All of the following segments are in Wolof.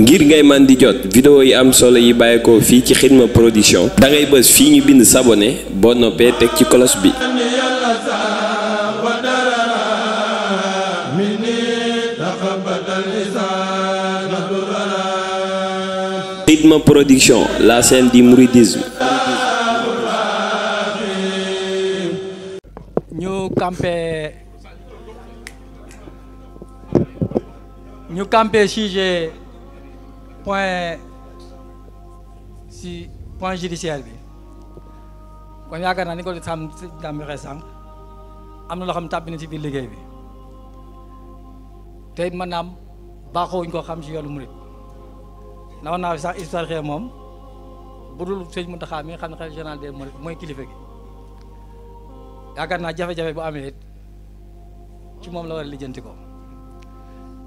ngir ngay vidéo yi am solo yi Production da ngay beus ñu bind s'abonner bon noppé tek ci bi. Production la scène du mouridisme. ñu ñu kampe sujet point si point judiciaire bi kon yaakaar naa ni ko sàmm si sànq am na loo xam tàbbi na ci biir liggéey bi te it maanaam baaxoowuñ ko xam ci yoonu murit nawoon naa sax histoire xee moom bu dul sëñ Mountakha mi nga xam ne xalifa général des mourides mooy kilifa gi yaakaar naa jafe-jafe bu amee ci moom la war a lijjanti ko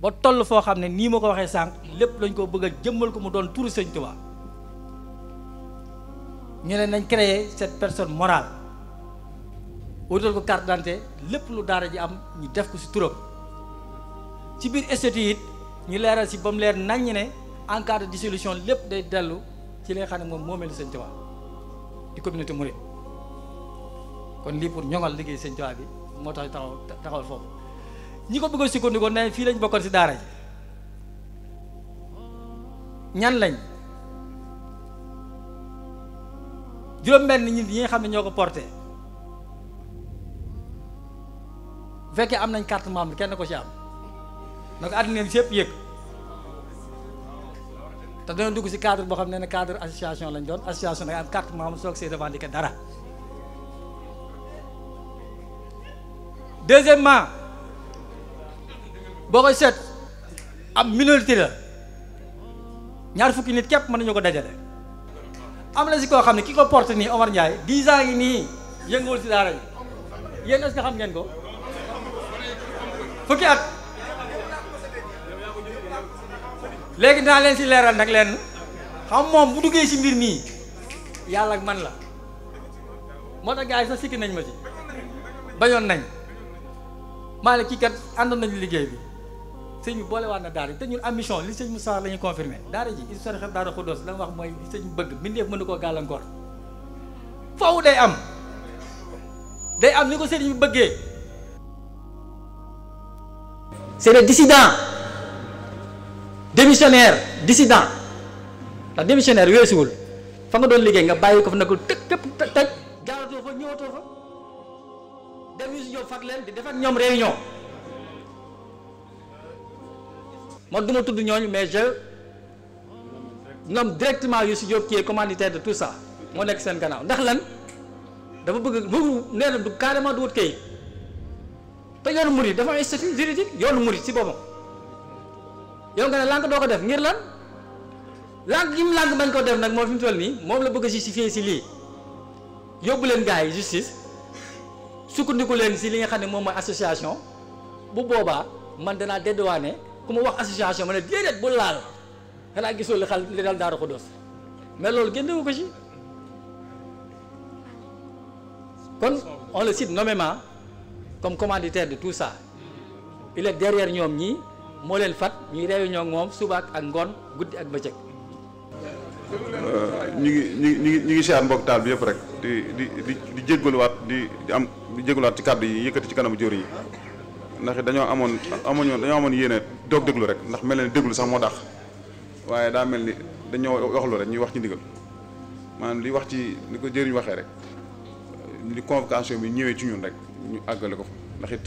ba toll foo xam ne nii moo ko waxee sànq lépp lañ ko bëgg a jëmmal ko mu doon turu sañ Tuubaa ñu ne nañ créer cette personne morale wutal ko carte lépp lu daara ji am ñu def ko ci turam ci biir statut it ñu leeral ci ba mu leer naññ ne en cas de dissolution lépp day dellu ci li nga xam ne moom moomeel Sëñ Tuubaa di communauté mouride kon lii pour ñoŋal liggéey Sëñ Tuubaa bi moo tax taxaw taxawal foofu ñi ko bëgg a sukkandikoo ne fii lañ bokkoon ci daara ji ñan lañ juróom-benn nit ñi nga xam ne ñoo ko porté bu fekkee am nañ carte membre kenn ko ci am na ko neen bi yëpp yëg te dana dugg ci cadre boo xam ne ne cadre association lañ doon association da nga am carte membre soog see revendiquer dara boo ko seet am minorité la ñaar fukki nit képp mën nañu ko dajale am na si koo xam ne ki ko porte nii Omar Ndiaye dix ans yi nii yënguwul si daara yi yéen est-ce xam ngeen ko fukki at léegi dinaa leen si leeral nag leen xam moom bu duggee si mbir nii yàlla ak man la moo tax gars yi sax sikki nañ ma si bañoon nañ maa ne kii kat àndoon nañu liggéey bi sëñ bi na daara ji te ñun am li sëñ Moussa la ñu confirmé daara ji histoire xeb daara Xuddoos la wax mooy li sëñ bëgg mbindeef mënu koo gàllankoor faw day am day am ni ko sëñ bi bëggee. c'est le dissident démissionnaire dissident ndax démissionnaire weesuwul fa nga doon liggéey nga bàyyi ko fa ne ko tëj tëj tëj ñëwatoo fa dem yu si ñëw fat leen di def ak ñoom réunion. man duma tudd ñooñu mais je nomme directement Youssou Diop qui est commanditaire de tout ça moo nekk seen gannaaw ndax lan dafa bëgg bëggu nee na du carrément du wut kayit te yoonu murid dafa ay statut juridique yoonu murid si boppam yow nga ne lànk doo ko def ngir lan lànk gi mu lànk bañ ko def nag moo fi mu toll nii moom la bëgg a justifier si lii yóbbu leen gars yi justice sukkandiku leen si li nga xam ne moom mooy association bu boobaa man danaa dédouaner kuma wax association mané dédé bu kan laal xanaa gisul xal li dal daaru xudus mais loolu génnewu ko ci kon on le cite nommément comme commanditaire de tout ça il est derrière ñom ñi mo len fat ñuy réunion ak moom suba ak ngoon guddi ak bëccëg ñi eh, ñi ñi ngi ñu ngi bi yëpp rek di di di di jégaluwaat di am di jégaluwaat ci kàddu yi yëkkati ci kanamu jóor yi ndax dañoo amoon amuñu dañoo amoon yéene doog déglu rek ndax mel na ni déglu sax moo dàq waaye daa mel ni dañoo waxlu rek ñuy wax ci ndigal maanaam li wax ci li ko jëriñ waxee rek li convocation bi ñëwee ci ñun rek ñu àggale ko fa ndax it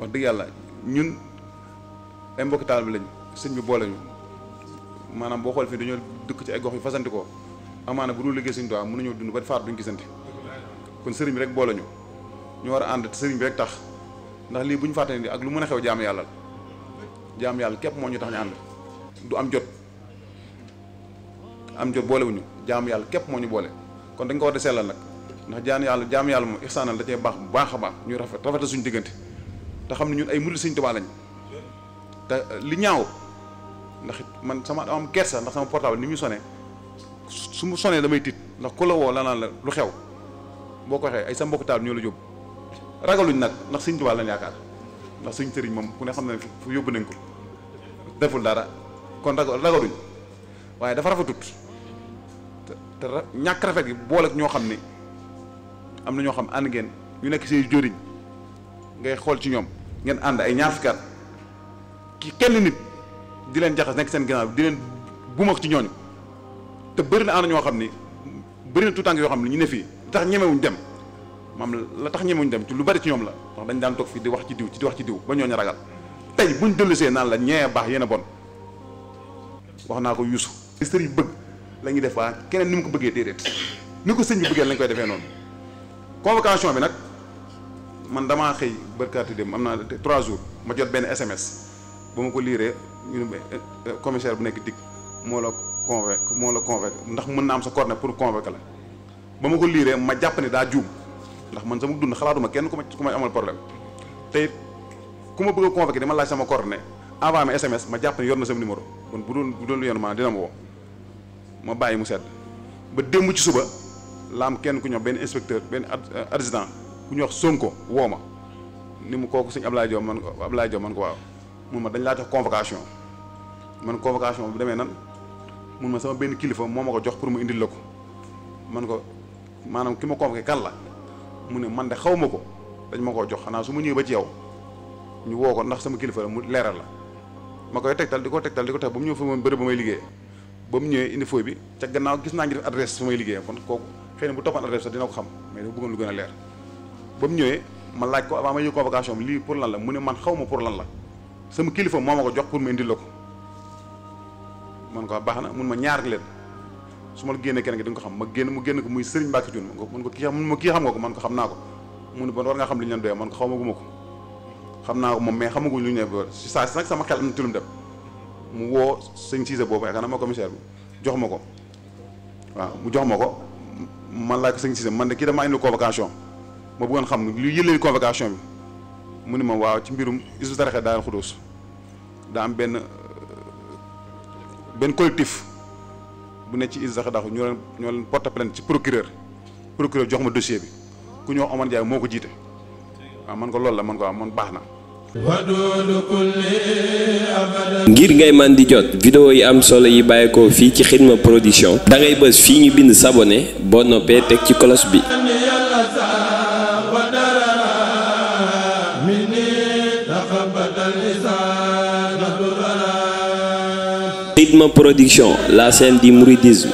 wax dëgg yàlla ñun ay mbokki taal bi lañ sëñ bi boole ñu maanaam boo xool fii dañoo dëkk ci ay gox yu fasanti ko amaana bu dul liggéey suñu doom mën nañoo dund ba faatu duñ gisante kon sëriñ bi rek boole ñu ñu war a ànd te sëriñ tax ndax lii bu ñu fàtte ni ak lu mën a xew jaam yàlla la jaam yàlla képp moo ñu tax ñu ànd du am jot am jot boolewuñu jaam yàlla képp moo ñu boole kon dañ ko war di sellal nag ndax jaan yàlla jaam yàlla moo ixsaanal da baax bu baax a baax ñu rafet rafetal suñu diggante te xam ne ñun ay murid Sëñ Tuubaa lañ te li ñaaw ndax man sama am kersa ndax sama portable ni muy sone su mu sonné damay tiit ndax ku la woo la naan la lu xew boo ko waxee ay sa mbokk taal la jóg. ragaluñ nak ndax sëñ Tuubaa lañ yaakaar ndax sëñ serigne mom ku ne xam fu yóbbu nañ ko deful dara kon ragaluñ waye dafa rafa tut te ñak rafet gi boole ak ñoo am na ñoo xam an ngeen ñu nek seen jëriñ ngay xol ci ñom ngeen and ay ñaar fukki ki kenn nit di len jaxas nek seen ginnaaw di leen bumax ci ñooñu te bëri na ànd ñoo xam ni bëri na tuutànk yoo xam ñu ne fi tax ñemewuñ dem. Mam, la tax ñemuñ dem ci lu bari ci ñom la tax dañ daan tok fi di wax ci diw ci wax ci diw ba ñu ragal tay buñ dellusee naan la ñeé bax yéen a bon wax na ko yusuf sëri bëgg la ngi def keneen nimu ko bëggee déedéet ni ko sëñ bi bëggee lañ koy defee noonu convocation bi nag man dama xëy barkaati dem am naa trois jours ma jot benn sms bu ma ko liiree ñu ne eh, eh, commissaire bu nekk dig moo la convoque moo la convoque ndax mën naa am sa corne pour convoque la ba ma ko liiree ma jàpp ne daa juum ndax man sama dund xalaatuma kenn ku ma ku may amal problème tey ku ma bëgg a convoqué dama laaj sama coordonnée envoyé ma SMS ma jàpp ne yor na sama numéro kon bu doon bu doon lu yoon maanaam dina ma ma bàyyi mu sedd ba démb ci suba la am kenn ku ñoo benn inspecteur benn euh, adjudant ku ñuy wax ko woo ma ni mu kooku si Ablaye Diop man ko Ablaye Diop man ko waaw mun ma dañ laa jox convocation man convocation bu demee nan mun ma sama benn kilifa moo ma ko jox pour mu indi la ko man ko maanaam ki ma convoqué kan la. mu ne man de xaw ma ko dañ ma koo jox xanaa su ma ñëwee ba ci yow ñu woo ko ndax sama kilifa la mu leeral la ma koy tegtal di ko tegtal di ko teg ba mu ñëw fa moom bërëb ba may liggéey ba mu ñëwee indi fooy bi ca gannaaw gis naa ngi def adresse fu may liggéey kon kooku xëy na bu toppoon adresse sax dina ko xam mais dafa bëggoon lu gën a leer ba mu ñëwee ma laaj ko avant ma yëg convocation bi lii pour lan la mu ne man xaw ma pour lan la sama kilifa moo ma jox pour ma indil baax na mun ma ñaar leen su ma la génnee keneen ki di xam ma génn mu génn ko muy Serigne Mbacke Thioune man ko kii xam kii xam nga ko man ko xam naa ko mu ne bon war ngaa xam li ñu leen man ko xam naa ko moom mais xamaguñ lu ñu ne si saa si nag sama xel am na tulum dem mu woo sëñ Cissé boobu yaakaar bi jox ma ko waaw mu jox ma ko man laa ko sëñ Cissé man de kii dama indi convocation ma bëggoon xam lu yëlee convocation bi mu ne ma waaw ci mbirum isu taraxe daal xudóos daa am benn benn collectif bu ne ci Isa Daxu ñoo leen ñoo leen porte plainte ci procureur procureur jox ma dossier bi ku ñoo Omar Ndiaye moo ko jiite waaw man ko loolu la man ko waaw man baax na. ngir ngay man di jot vidéo yi am solo yi bàyyeekoo fii ci Xidma production da ngay bës fii ñu bind s'abonner boo noppee teg ci cloche bi. Production, la scène du mouridisme.